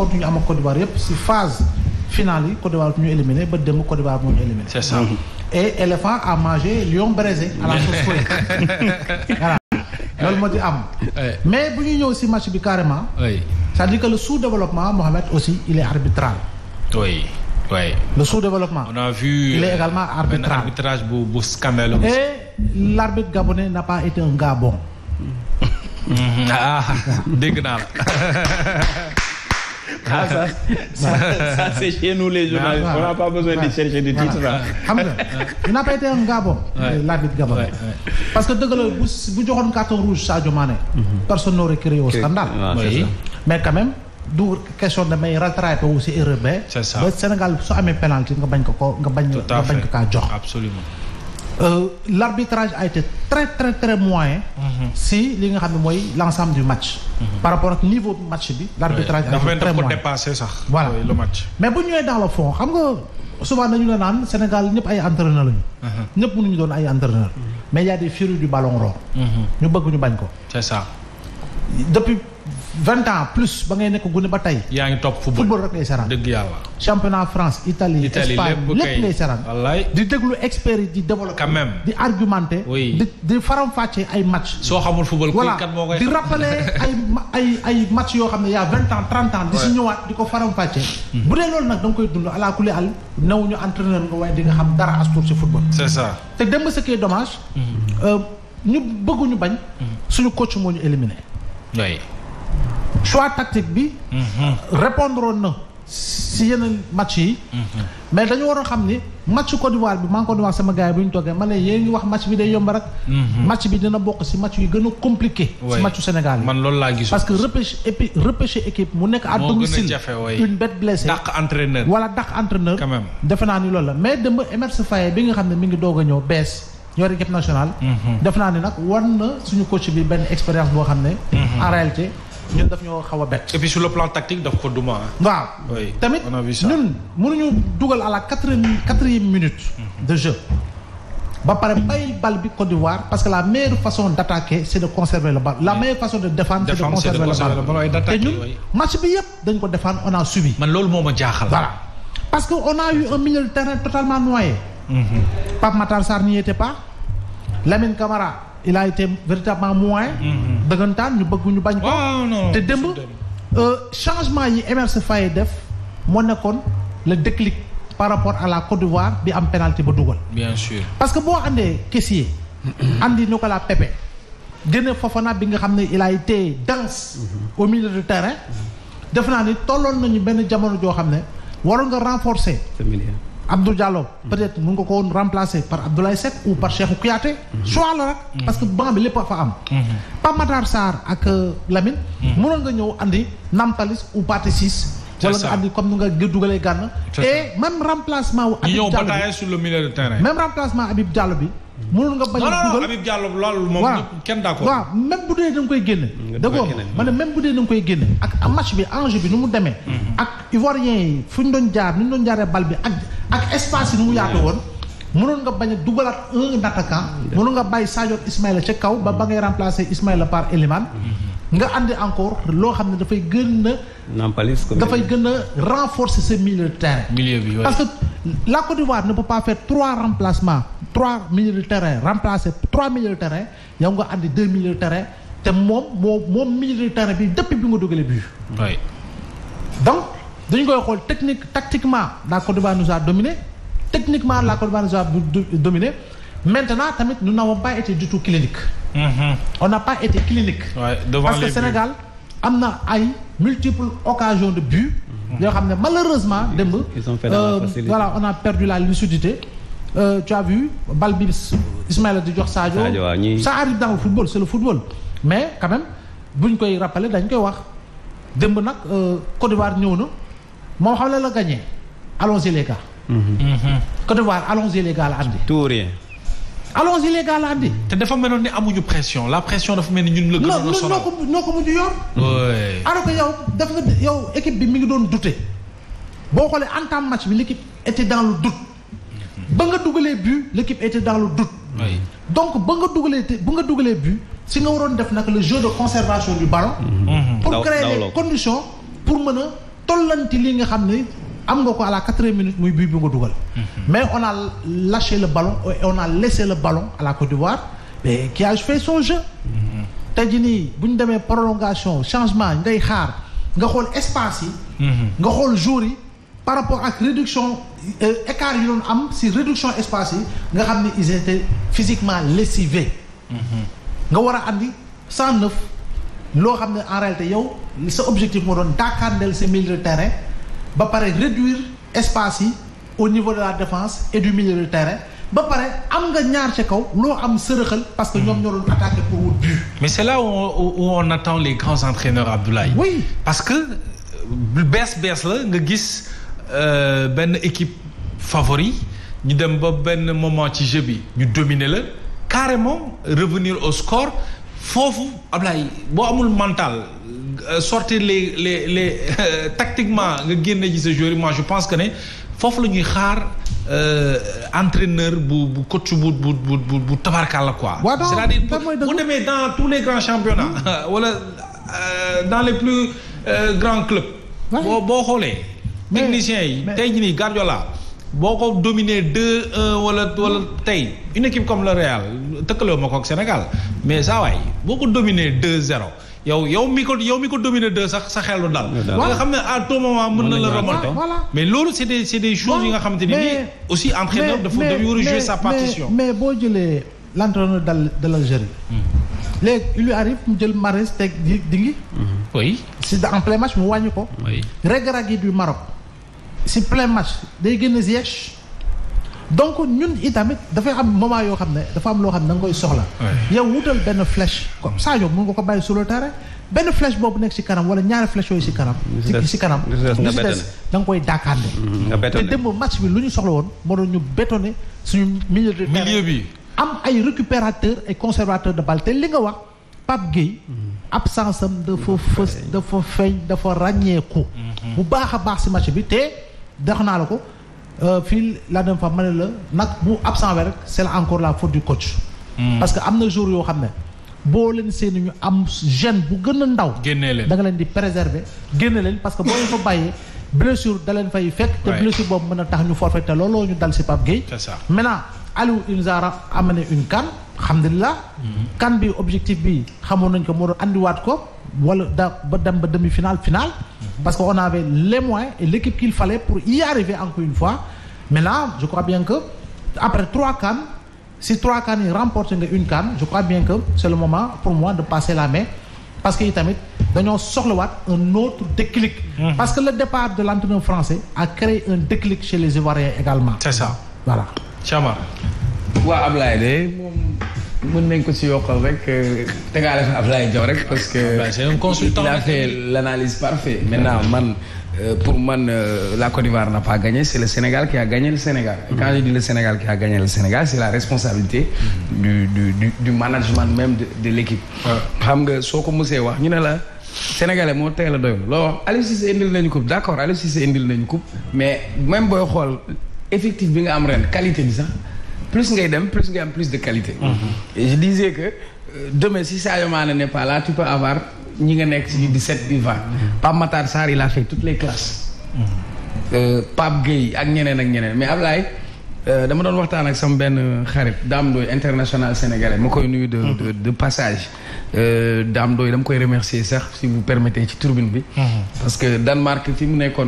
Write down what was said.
kootu ñu am ak Côte d'Ivoire loolu moo di am. mais bu ñu ñëw si match bi carrément. oui c'est-à-dire que le sous-développement Mohamed aussi il est arbitral. le sous-développement. il est également euh, arbitrage bu bu Cameroun. et l'arbitre gabonais n'a pas été un gars ah ça ça c'est n'a pas besoin de chercher de titre là. xam nga il n'a parce que dëgg bu joxoon carton rouge Sadio Mané. Mhm. personne n'aurait créé au scandale. Ah, mais quand même du question damay rattraper wu si erreur ba. Sénégal su amee penalty nga bañ ko ko nga bañ. nga ko kaa jox. absolument. Euh, l'arbitrage a été très très très moyen. Mhm. si li nga xam ne mooy l'ensemble du match. Mhm. par rapport ak niveau match bi. l'arbitrage a été très moyen dépasser mais bu ñëwee dans le fond xam nga souvent dañu la naan Sénégal ñëpp ay entraîneur lañu. Mhm. ñëpp mënuñu doon ay entraîneur mais y a des du ballon rond. ñu bëgg ñu bañ ko. vingt ans plus ba ngay nekk gune ba tey. yaa ngi topp football football rek lay saraan. dëgg yàlla. championnat France Italie. Italie Espagne lépp lay saraan. wallaay di déglu experts yi di développer. quand di argumenter. di di faram-fàccee ay match soo xamul football kuy kat moo koy. ay ay yoo xam ne y' a vingt ans trente ans. di ñëwaat di ko faram-fàccee. Hmm. bu dee loolu nag da nga koy dund ala kulli àll. nawuñu entraîneur nga waaye di nga xam dara as tuut si football. te démb ce domage est dommage. Hmm. Euh, ñu bëgguñu bañ. Hmm. suñu coach moo ñu éliminé. choix tactique bi. Mhm. répondre na si yenn match yi. Mhm. mais dañu war xam ni match Côte d'Ivoire bi maa ngi ko doon wax sama gars yi bu ñu toogee ma ne yéen ngi wax match bi day yomb rek. Mhm. match bi dina bokk si match yi gën a compliqué. si matchu Sénégal yi man loolu laa parce que repêche épi repêcher équipe mu nekk à domicile une bête blessée. dàq entraîneur wala dàq entraîneur. quand même defe naa ni loolu la mais démb Emerse Faé bi nga xam ne mi ngi doog a ñëw bees. ñoo équipe nationale. def naa ne nag war na suñu coach bi benn expérience boo xam ne. ñun daf ñoo xaw bett. et puis le plan tactique daf ko duma. waaw tamit ñun mënuñu dugal à la quatre quatrième de jeu. ba pare bàyyi bal bi Côte d'Ivoire parce que la meilleure façon d' attaquer de conserver le bal. la meilleure façon de défendre c' de conserver le bal te ñun match bi yëpp dañ ko défendre on a subi. man loolu moo ma jaaxal. parce que on a eu un milieu de terrain totalement noyé. Mhm. Pape Matar Sarr pas Lamine Camara il a été véritablement dëggantaan ñu bëgg ñu bañ ko te démb euh, changement yi Emerse Faé def moo nekkoon le déclic par rapport à la Côte d'Ivoire bi am pénalité ba dugal bien sûr parce que boo àndee caissier andi Nicolas Pepe génne Fofana bi nga xam ne il a été dense mhm. de terrain def naa ni tolloon nañu benn jamono joo xam ne waroon nga renforcer Abdou Diallo. peut-être mën nga ko woon remplacer par Abdoulaye Seck ou par Cheikhou Kouyaté. choix la rek. parce que banc bi lépp fa am. Pape Matar ak euh, Lamine. mënoon nga ñëw andi Nampalis ou Pathé Ciss. wala nga andi comme ni nga dugalee gànn. et même remplacement wu. Habib Diallo bi. mënoon nga bañ a dugal Habib Diallo loolu moom kenn d'accord waaw même bu dee da nga koy génne d'accord ma ak match bi enjeu mu demee mm-hmm. ak ivoirien fu ñu doon jaar ni ñu doon jaaree bi ak ak espace mu yaatu woon mënoon nga bañ a dugalaat un attaquant mënoon nga bàyyi Sadio Ismaïla ca kaw ba ba ngay remplacer Ismaïla par Eliman mm-hmm. nga àndi encore loo xam ne dafay gën a dafay gën a renforcer ce milieu de terrain milieu bi parce que la Côte d'Ivoire ne peut pas faire trois remplacements trois milieux de terrain remplacer trois milieux de terrain yow nga àndi deux milieux de terrain te moom moo moom milieu terrain bi depuis bi nga dugalee but. donc dañu koy xool technique tactiquement la Côte d'Ivoire nous a techniquement la Côte d'Ivoire nous a dominé maintenant tamit nous n'avons pas été du tout clinique. Mm-hmm. on n'a pas été clinique. parce que Sénégal am na ay multiples occasions de but. Mm-hmm. yoo xam ne malheureusement. démb euh, voilà on a perdu la lucidité. euh, tu as vu bal bi Ismaïla di jox Sadio. ça arrive dans le football c'est le football. mais quand buñ koy rappeler dañ koy wax démb nag euh, Côte d'Ivoire ñëw na moom xam la la gagné allons-y les gars. Mm-hmm. Côte d'Ivoire allons-y les andi. tout allons-y les andi. te dafa meloon ni amuñu pression la pression dafa mel ni ñun la. gën a non noo ko noo ko mujj yor. alors que yow daf nga bi mi ngi doon douter boo xoolee en temps match bi l'équipe était dans le doute. ba nga dugalee but l'équipe était dans le donc ba nga dugalee bu nga dugalee but si nga waroon def nag la jeu de conservation du ballon mhm. Mhm. pour créer les pour mën a tollanti lii nga xam ne am nga ko à quatre quatrième minute muy but bi nga dugal mhm. mais on a lâché le ballon et on a laissé le ballon à la Côte d'Ivoire mais qui a fait son jeu tey jii nii bu ñu demee prolongation changement ngay xaar nga xool espace yi nga xool jour yi par rapport ak réduction euh, écart yu doon am si réduction espace yi nga xam ni ils étaient physiquement lessivés mhm. nga war a andi cent loo xam ne en réalité yow sa objectif moo doon daakaandeel sa milieu de terrain ba pare réduire espace yi au niveau de la défense et du milieu de terrain ba pare am nga ñaar ca kaw loo am sërëxal parce que ñoom ñoo doon attaqué pour wut but. mais c'est là où on, où on attend les grands entraîneurs Abdoulaye. oui parce que euh, bees bees la nga gis. Euh, benn équipe favori ñu dem ba benn moment ci jeu bi ñu dominer la carrément revenir au score foofu Ablaye boo amul mental euh, sortir les les les tactiquement nga génne ji sa joueur moi je pense que ne foofu la ñuy xaar euh, entraîneur bu bu coach bu bu bu bu tabarkalla quoi. c'est-à-dire bu demee dans tous les grands championnats. wala dans les plus grands clubs. boo boo xoolee. technicien yi tey jii nii Guardiola boo ko dominer deux un wala wala tey une équipe comme le Real tëkkaloo ma ko ak Sénégal mais saa waay boo ko dominer deux zéro yow yow mi ko yow mi ko dominer deux sax sa xelu lu dal. nga xam ne à tout moment mën na la remonter. mais loolu c' est des c' est des choses yi nga xamante ne nii. aussi entraîneur dafa dafa war a jouer sa mais boo jëlee l' entraîneur l' Algérie. Hmm. léegi il lui arrive mu jël Mahrez teg di dingi. oui. si en plein match mu wàññi ko. oui règle du si plein match day génne Ziyech donc ñun itamit dafay am moment yoo xam ne dafa am loo xam ne danga koy soxla. yow wutal benn flèche comme Sadio mën nga ko bàyyi sur le terrain benn flèche boobu nekk si kanam wala ñaari flèche yooyu si kanam. si kanam nga des da nga koy daakaande. Mm-hmm, nga bétonné te démb match bi lu ñu soxla woon moo doon ñu bétonné suñu milieu de terrain milieu bi. am ay récupérateur ay conservateur de balte li nga wax Pape Gueye. Mm-hmm. absence am dafa fës dafa feeñ dafa ràññeeku. Mm-hmm. bu baax dex naa la ko euh, fii la dem fa ma ne la nag bu absent we rek c'est encore la faute du coach. Hmm. parce que am na jour yoo xam ne boo leen seeni ñu am gêne bu gën a ndaw. génne leen da nga leen di préserver génne leen parce que boo leen fa bàyyee blessure da leen fay fekk. te blessure boobu mën a tax ñu forfait te looloo ñu dal si Pape Gueye. c'est ça maintenant Aliou Inzara amené une CAN alhamdulilah. Hmm. CAN bi objectif bi xamoon nañ ko moo doon andiwaat ko wala da ba dem ba demi final final. Parce qu'on avait les moyens et l'équipe qu'il fallait pour y arriver encore une fois. Mais là, je crois bien que après trois cannes, si trois cannes yi remporte une canne je crois bien que c'est le moment pour moi de passer la main parce que yi tamit dañoo soxlawaat un autre déclic. parce que le départ de l'entraîneur français a créé un déclic chez les Ivoiriens également. c'est ça voilà. Chamara. waa Ablaye de moom. mën nañ ko si yokkal rek euh, tegaale fa Ablaye Diaw rek parce que c'est un consultant il a fait man euh, pour man euh, la Côte d'Ivoire n'a pas gagné c'est le Sénégal qui a gagné le Sénégal et quand je dis le Sénégal qui a gagné le Sénégal c'est la responsabilité mm-hmm. du du du du management même de de l'équipe xam nga soo ko mosee wax ñu ne la Sénégalais moo teel a doyul loo wax Aliou Cissé indil nañu coupe d'accord Aliou Cissé indil nañu coupe mais même booy xool effectif bi nga am ren qualité bi sax plus ngay dem plus ngay am plus de qualité. Mhm. je disais que euh, demain si Sadio Mané n'est pas tu peux avoir ñi nga nekk si 17 di 20. Pape Matar Sarr il a fait toutes les classes. Mhm. Euh, Pape Gueye ak ñeneen ak ñeneen mais Ablaye euh, dama doon waxtaan ak sama benn xarit Dame Ndoye international sénégalais ma koy nuyu. de mhm. de passage. Dame Ndoye dama koy remercier sax si vous permettez ci turbine bi. parce que Danemark fi mu nekkoon.